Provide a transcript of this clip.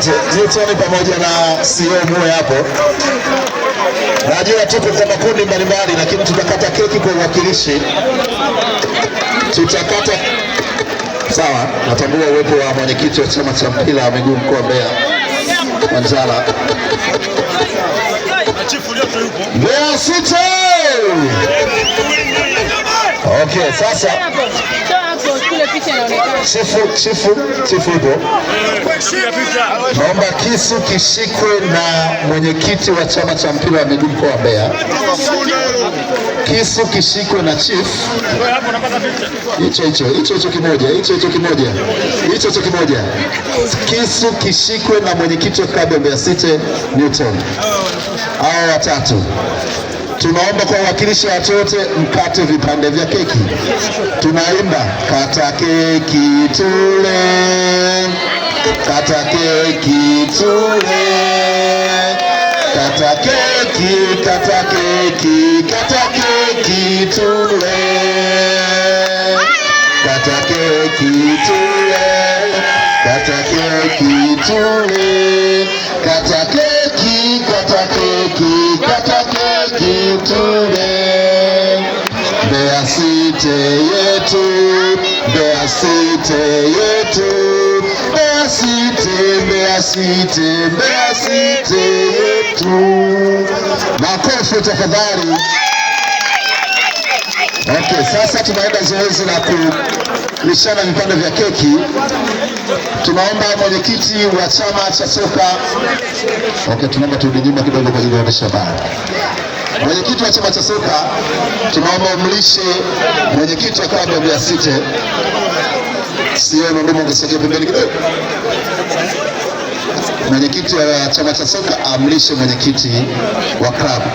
Chanje Newton pamoja na CEO Moyo hapo. Najua tuko kwa makundi mbalimbali, lakini tutakata keki kwa uwakilishi, tutakata sawa. Natambua uwepo wa mwenyekiti wa chama cha mpira wa miguu mkoa Mbeya Manjala Mbeya City. Okay, sasa Chifu Chifubo, naomba kisu kishikwe na mwenyekiti wa chama cha mpira wa miguu mkoa wa Mbeya. Kisu kishikwe na chief, hicho hicho hicho hicho kimoja, hicho hicho kimoja, hicho hicho kimoja. Kisu kishikwe na mwenyekiti wa klabu ya Mbeya City Newton, hao watatu tunaomba kwa wakilishi wa chote mkate vipande vya keki. Tunaimba kata keki tule, kata keki tule, kata keki, kata keki, kata keki tule, kata keki tule, kata keki tule, kata keki keki, kata keki tule. Mbeya City yetu, Mbeya City yetu, Mbeya City, Mbeya City, Mbeya City yetu. Makofi tafadhali. Okay, sasa tunaenda zoezi la kulishana vipande vya keki. Tunaomba mwenyekiti wa chama cha soka. Okay, tunaomba turudi nyuma kidogo kwa ajili ya waandishi habari. Mwenyekiti wa chama cha soka, tunaomba umlishe mwenyekiti wa klabu ya Biasite siondumgesogea pembeni kidogo. Mwenyekiti wa chama cha soka amlishe mwenyekiti wa klabu.